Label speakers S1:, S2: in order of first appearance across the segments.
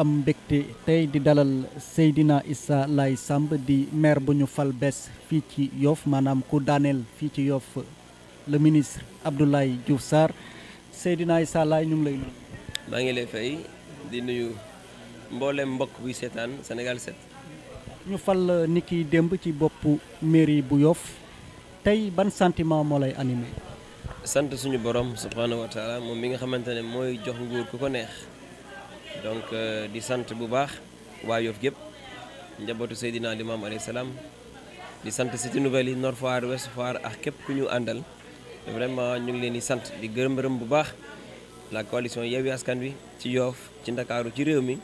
S1: am mbégte tey di dalal Seydina Issa Laye Samb di maire bu ñu fal bés fii ci Yoff maanaam ku daaneel fii ci Yoff le ministre Abdoulaye Diouf Sarr Seydina Issa Laye ñu ngi lay nuyu.
S2: maa ngi lay fay di nuyu mboolem mbokk buy seetaan Sénégal 7.
S1: ñu fal nit kiy démb ci boppu mairie bu Yoff tey ban santiment moo lay animé.
S2: sant suñu borom subhanahu wa moom mi nga xamante ne mooy jox nguur ku ko neex. donc euh, di sant bu baax waa Yoff gépp njabootu Seydina Limaam alayhi salaam di sant Cité Nouvelle yi Nord Foire Ouest Foire ak képp ku ñu àndal vraiment ñu ngi leen di sant di gërëm bu baax la coalition Yewwi Askan Wi ci Yoff ci Ndakaaru ci réew mi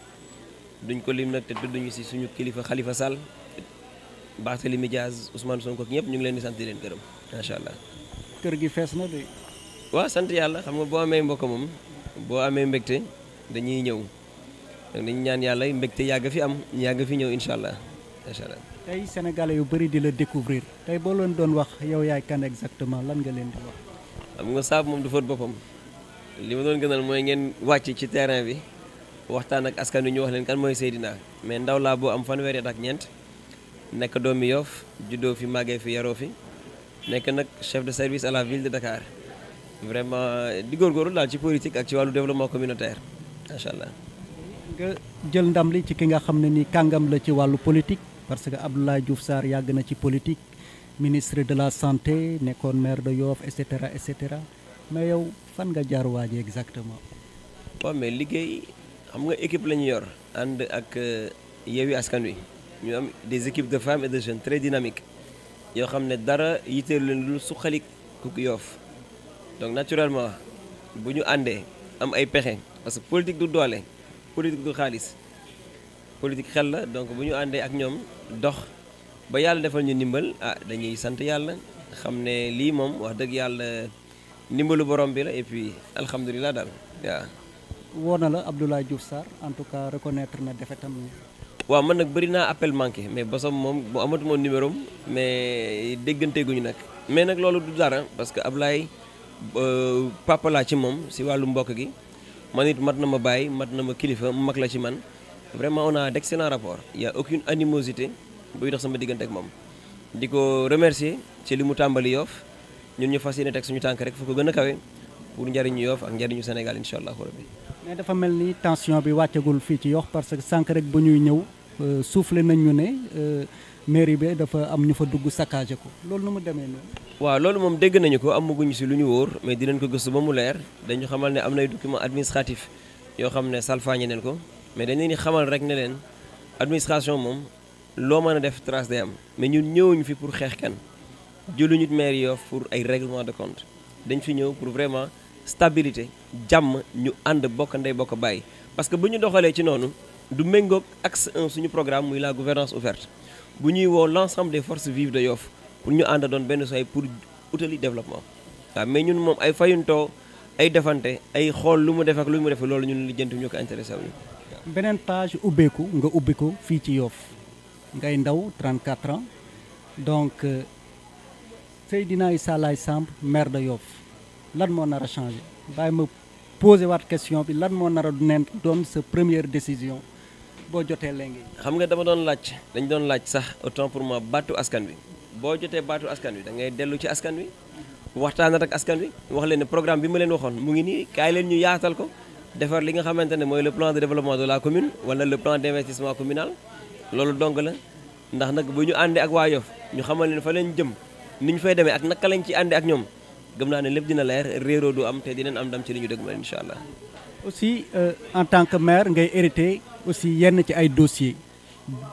S2: duñ ko lim nag te tudduñu si suñu kilifa xalifa Khalifa Sall Barthélémy Diaz Ousmane Sonko ñëpp ñu ngi leen di sant di leen gërëm macha allah.
S1: kër gi fees na de.
S2: waaw sant yàlla xam nga boo amee mbokk moom boo amee mbégte dañuy ñëw. donc dañu ñaan yàlla mbegte yàgg fi am yàgg fi ñëw incha allah incha allah.
S1: tey sénégalais yu bëri di la découvrir tey boo leen doon wax yow yaay kan exactement lan nga leen di wax.
S2: xam nga saabu moom du fóot boppam li ma doon gënal mooy ngeen wàcc ci terrain bi waxtaan ak askan wi ñu wax leen kan mooy Seydina mais ndaw laa boo am fanweeri at ak ñeent nekk doomi Yoff juddoo fi màggee fi yaroo fi nekk nag chef de service à la ville de Dakar vraiment di góorgóorlu daal ci politique ak ci wàllu développement communautaire macha allah.
S1: que jël ndam li ci ki nga xam ne ni kàngam la ci wàllu politique parce que Abdoulaye Diouf Sarr yàgg na ci politique ministre de la santé nekkoon maire de Yoff et cetera cetera mais yow fan nga jaar waaje exactement.
S2: waaw mais liggéey xam nga équipe la ñu yor ànd ak euh, Yewwi Askan Wi ñu am des équipes de femmes et de jeunes très dynamiques yoo xam ne dara yitteelu leen lu suqali ku Yoff donc naturellement bu ñu àndee am ay pexe parce que du doole. politique du xaalis politique xel la donc bu ñu àndee ak ñoom dox ba yàlla defal ñu ndimbal ah dañuy sant yàlla xam ne lii moom wax dëgg yàlla ndimbalu borom bi la et puis alhamdulilah daal waaw.
S1: woo na la Abdoulaye Diouf Sarr en tout cas reconnaître na defetam
S2: waaw man nag bëri naa appel manqué mais bosam moom bu amatu moon numéro mais déggante guñu nag mais nag loolu du dara parce que Ablaye euh, papa laa ci moom si wàllu mbokk gi. man it mat na ma bàyyi mat na ma kilifa mag la ci man vraiment on a d'excellents rapports il y a aucune animosité buy dox sama diggante ak moom di ko remercier ci li mu tàmbali yoof ñun ñu fas yéene teg suñu tànk rek foo ko gën a kawe pour njariñu yoof ak njariñu Sénégal incha allahu rabbi
S1: mais dafa mel ni tension bi wàcceegul fii ci yoof parce que sànq rek bu ñuy ñëw euh, soufflé nañ ñu ne euh, mairie bi dafa am ñu fa dugg saccagé ko loolu nu mu demee noonu.
S2: waaw loolu moom dégg nañu ko amaguñu si lu ñu wóor mais dinañ ko gëstu ba mu leer dañu xamal ne am nay document administratif yoo xam ne salfaañe neen ko mais dañ leen ni xamal rek ne leen administration moom loo mën a def trace am mais ñun ñëwuñu fi pour xeex kan jëluñu maire Yoff pour ay règlement de compte dañ fi ñëw pour vraiment stabilité jàmm ñu ànd bokk ndey bokk bàyyi parce que bu ñu doxalee ci noonu du méngoog axe 1 suñu programme muy la gouvernance ouverte bu ñuy woo l'ensemble des force vives de Yoff pour ñu ànd doon benn say pour utali développement waaw mais ñun moom ay fayuntoo ay defante ay xool lu mu def ak lu mu def loolu ñu lijjanti ñu ko intéressé
S1: wu beneen page ubbeeku nga ubbi ko fii ci Yoff ngay ndaw quatre ans donc euh, Seydina Issa Laye Samb maire de Yoff lan moo nar a changé bàyyi ma posé waat question bi lan moo nar a doon sa première décision. boo jotee léegi.
S2: xam nga dama doon laaj dañ doon laaj sax autant pour moi baatu askan wi boo jotee baatu askan wi da ngay dellu ci askan wi waxtaanal ak askan wi wax leen ne programme bi ma leen waxoon mu ngi nii kaay leen ñu yaatal ko defar li nga xamante ne mooy le plan de développement de la commune wala le plan d' investissement communal loolu dong la ndax nag bu ñu àndee ak waa Yoff ñu xamal leen fa leen jëm ni ñu fay demee ak naka lañ ci àndee ak ñoom gëm naa ne lépp dina leer réeroo du am te dinañ am ndam ci li ñu dëgmal incha allah.
S1: aussi euh, en tant que maire aussi yenn ci ay dossiers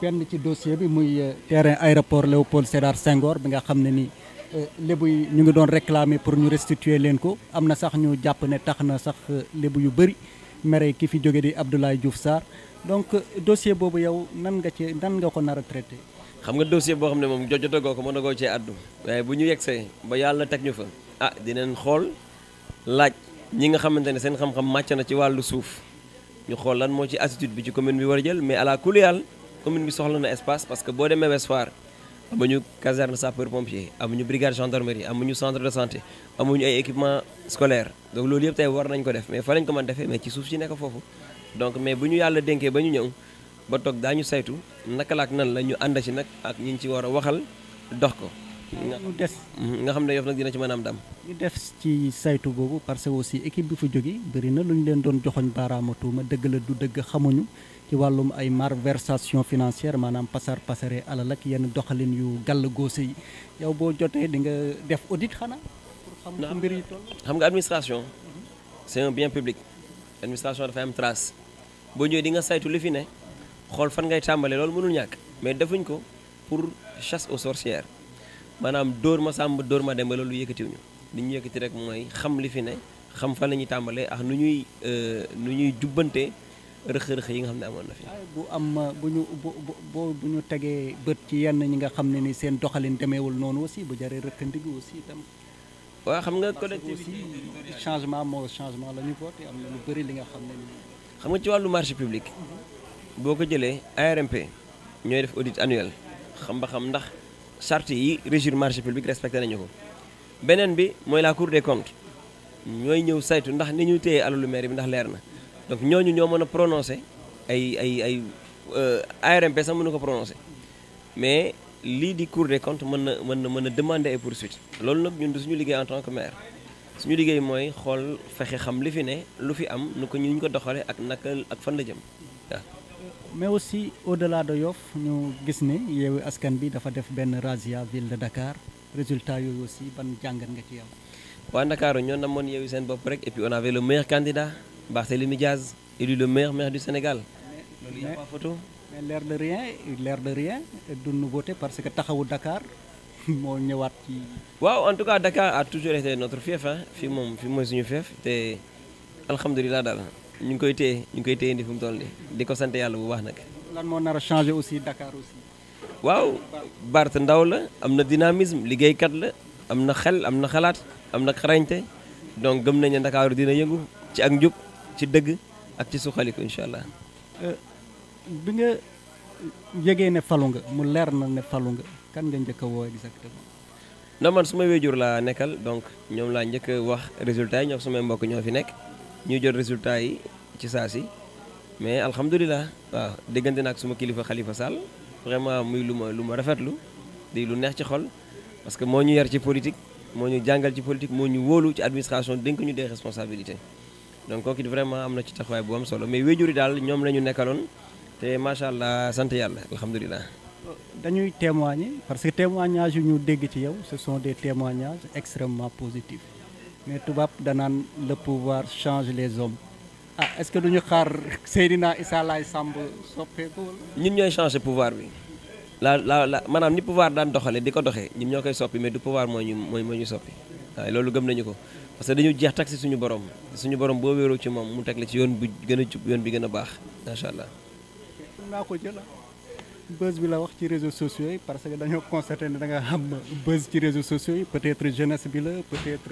S1: benn ci dossier bi muy euh, terrain aéroport Léopold Sédar Senghor bi nga xam ne ni euh, lébu yi ñu ngi doon réclamer pour ñu restituer leen ko am na sax ñu jàpp ne tax na sax euh, lébu yu bëri mere ki fi jóge di Abdoulaye Diouf Sarr donc dossier boobu yow nan nga ci nan nga ko nar a traité.
S2: xam nga dossier boo xam ne moom jot jojjatagoo ko mën a goo cee addu waaye bu ñu yegsee ba yàlla teg ñu fa ah dinañ xool laaj ñi nga xamante ne seen xam-xam màcc ci wàllu suuf. ñu xool lan moo ci attitude bi ci commune bi war a jël mais à la kuliyal commune bi soxla na espace parce que boo demee Ouest Foire amuñu caserne sapeur pompier amuñu brigade gendarmerie ñu centre de santé amuñu ay équipement scolaire donc loolu yëpp tey war nañ ko def mais fa lañ ko man defee mais ci suuf si nekk foofu donc mais bu ñu yàlla dénkee ba ñu ñëw ba toog ñu saytu naka la ak nan la ñu ànd ci nag ak ñi ñu ci war a waxal dox ko ñu mm-hmm. nga xam ne Yoff nag dina ci manaam dam
S1: am def ci saytu boobu parce que aussi équipe bi fa jógee bëri na lu ñu leen doon joxoñ baaraama tuuma dëgg la du dëgg xamuñu ci wàllum ay malversation financière maanaam pasar pasare alal ak yenn doxalin yu gàll góose yi yow boo jotee di nga def audit xanaa pour xam mbir yi
S2: toll xam nga administration c'est bien publique administration dafay am trace boo ñëwee di nga saytu li fi ne xool fan ngay tàmbale loolu mënul ñàkk mais defuñ ko pour chasse aux maanaam dóor ma sàmb dóor ma demba loolu yëkkatiwuñu li ñu yëkkati rek mooy xam li fi ne xam fan la ñuy tàmbalee ak nu ñuy euh, nu ñuy jubbante rëq-rëq yi nga xam ne amoon fi.
S1: bu am bu ñu bu bu ñu tegee bët ci yenn ñi nga xam ne ni seen doxalin demeewul noonu aussi bu jaree rëq ndig aussi itam. waaw xam nga collectivité changement moo changement la ñu voté am na lu bëri li nga xam ne nii. xam nga ci wàllu
S2: marché public. Mhm. boo ko jëlee ARMP ñooy def audit annuel xam ba xam ndax. charte yi régir marché public respecté nañu ko beneen bi mooy la cour des comptes ñooy ñëw saytu ndax ni ñu téye alalu maire bi ndax leer na donc ñooñu ñoo mën a prononcé ay ay ay euh, ARMP sax mënu ko prononcé mais lii di cour des comptes mën na mën na mën a demander ay poursuite loolu nag ñun du suñu liggéey en tant que maire suñu liggéey mooy xool fexe xam li fi ne lu fi am nu ko ñu ko doxale ak naka ak fan la jëm
S1: mais aussi au-delà de Yoff ñu gis ni Yewwi Askan bi dafa def benn razzia ville de Dakar résultat yooyu aussi ban jàngat nga ci yow.
S2: waa Ndakaaru ñoo namoon Yewwi seen bopp rek et puis on avait le meilleur candidat Barthélémy Diaz élu le meilleur maire du Sénégal.
S1: loolu de rien l'air de rien parce que taxawu Dakar moo ñëwaat
S2: waaw en Dakar a toujours été notre fief ah fii moom fii mooy suñu fief te alhamdulilah daal. ñu ngi koy téye ñu ngi koy téye indi fu mu toll nii di ko sante yàlla bu wax nag.
S1: lan moo nar a changé aussi Dakar aussi.
S2: waaw Bart ndaw la am na dynamisme liggéeykat la am na xel am na xalaat am na xarañte donc gëm nañ ndakaaru Dakar dina yëngu ci ak njub ci dëgg ak ci suqaliku incha allah.
S1: Euh, bi nga jegee ne falu nga mu leer na ne falu nga kan nga njëkk a woo exactement.
S2: non man su ma wéjur laa nekkal donc ñoom laa njëkk a wax résultat yi ñoom sumay mbokk ñoo fi nekk. ñuy jot résultat yi ci saa si mais alhamdulilah waaw déggante na ak suma kilifa Khalifa Sall vraiment muy lu ma lu ma rafetlu di lu neex ci xol parce que moo ñu yar ci politique moo ñu jàngal ci politique moo ñu wóolu ci administration dénk ñu des responsabilités donc kooku it vraiment am na ci taxawaay bu am solo mais wéjur yi daal ñoom la ñu nekkaloon te macha allah sant yàlla alhamdulilah.
S1: dañuy témoigner parce que témoignages yu ñu dégg ci yow ce sont des témoignages extrêmement positifs. mais tubaab danaan le pouvoir change les hommes ah est-ce que du ñu xaar Seydina Issa Laye Samb soppeeku
S2: ñun ñooy changer pouvoir bi laa la la maanaam ni pouvoir daan doxale di ko doxee ñun ñoo koy soppi mais du pouvoir moo mooy moo ñu soppi waaye loolu gëm nañu ko parce que dañu jeex taksi suñu borom suñu borom boo wéeroo ci moom mu teg la ci yoon bu gën a jub yoon bi gën a baax macha allah.
S1: buzz bi la wax ci réseaux sociaux yi parce que dañoo constaté ne da nga xam buzz ci réseaux sociaux yi peut-être jeunesse bi la peut-être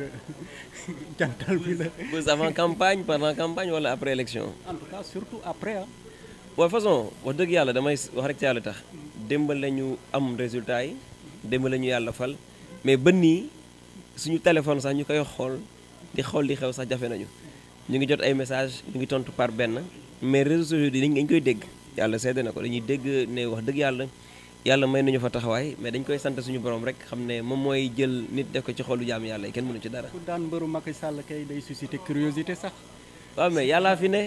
S1: jantal bi la.
S2: buzz avant campagne pendant campagne wala après élection.
S1: en surtout après
S2: ah. façon wax dëgg yàlla damay wax rek ci yàlla tax démb la ñu am résultat yi démb la ñu yàlla fal mais ba nii suñu téléphone sax ñu koy xool di xool di xew sax jafe nañu ñu ngi jot ay message ñu ngi tontu par benn mais réseaux sociaux yi dañ koy dégg. yàlla seede na ko dañuy dégg ne wax dëgg yàlla yàlla may nañu fa taxawaay mais dañ koy sant suñu borom rek xam ne moom mooy jël nit def ko ci xolu jaam yàlla yi kenn mënu ci dara.
S1: ku daan mbëru Macky Sall kay day susciter curiosité sax.
S2: waaw mais yàllaa fi ne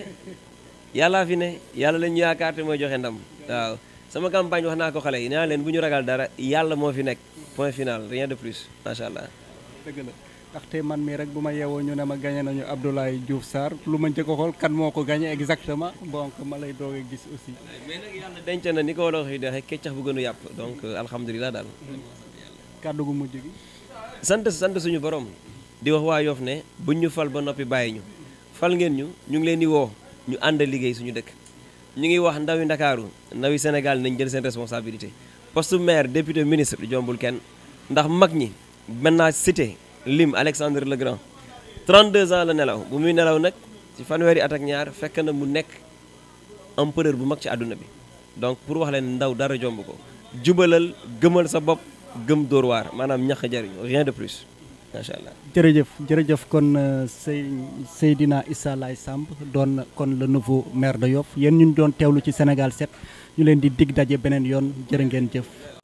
S2: yàllaa fi ne yàlla lañu yaakaar te mooy joxe ndam waaw. sama campagne wax naa ko xale yi nee naa leen bu ñu ragal dara yàlla moo fi nekk point final rien de plus macha allah.
S1: ndaxte man mii rek bu ma yeewoo ñu ne ma gagné nañu Abdoulaye Diouf Sarr lu ma njëkk a xool kan moo ko gagné exactement donc ma lay doog a gis aussi. mais nag
S2: yàlla denc na ni ko war a waxee dexe keccax bu gën a yàpp donc euh, alhamdulilah daal. kàddu gu mujj gi. sant sant suñu borom. di wax waa Yoff ne buñ ñu fal ba noppi bàyyi ñu. fal ngeen ñu ñu ngi leen di woo ñu ànd liggéey suñu dëkk. ñu ngi wax ndawi Ndakaaru ndawi Sénégal nañ jël seen responsabilité poste maire député ministre jombul kenn ndax mag ñi maintenant cité lim Alexandre le Grand 32 ans la nelaw bu muy nelaw nag ci fanweeri at ñaar fekk na mu nekk empereur bu mag ci àdduna bi donc pour wax leen ndaw dara jomb ko jubalal gëmal sa bopp gëm dóor waar maanaam ñax jariñ rien de plus macha allah.
S1: jërëjëf jërëjëf kon euh, sëy Seydina Issa Laye Samb doon kon le nouveau maire de Yoff yéen ñu doon teewlu ci Sénégal 7 ñu leen di digg daje beneen yoon jërë ngeen jëf.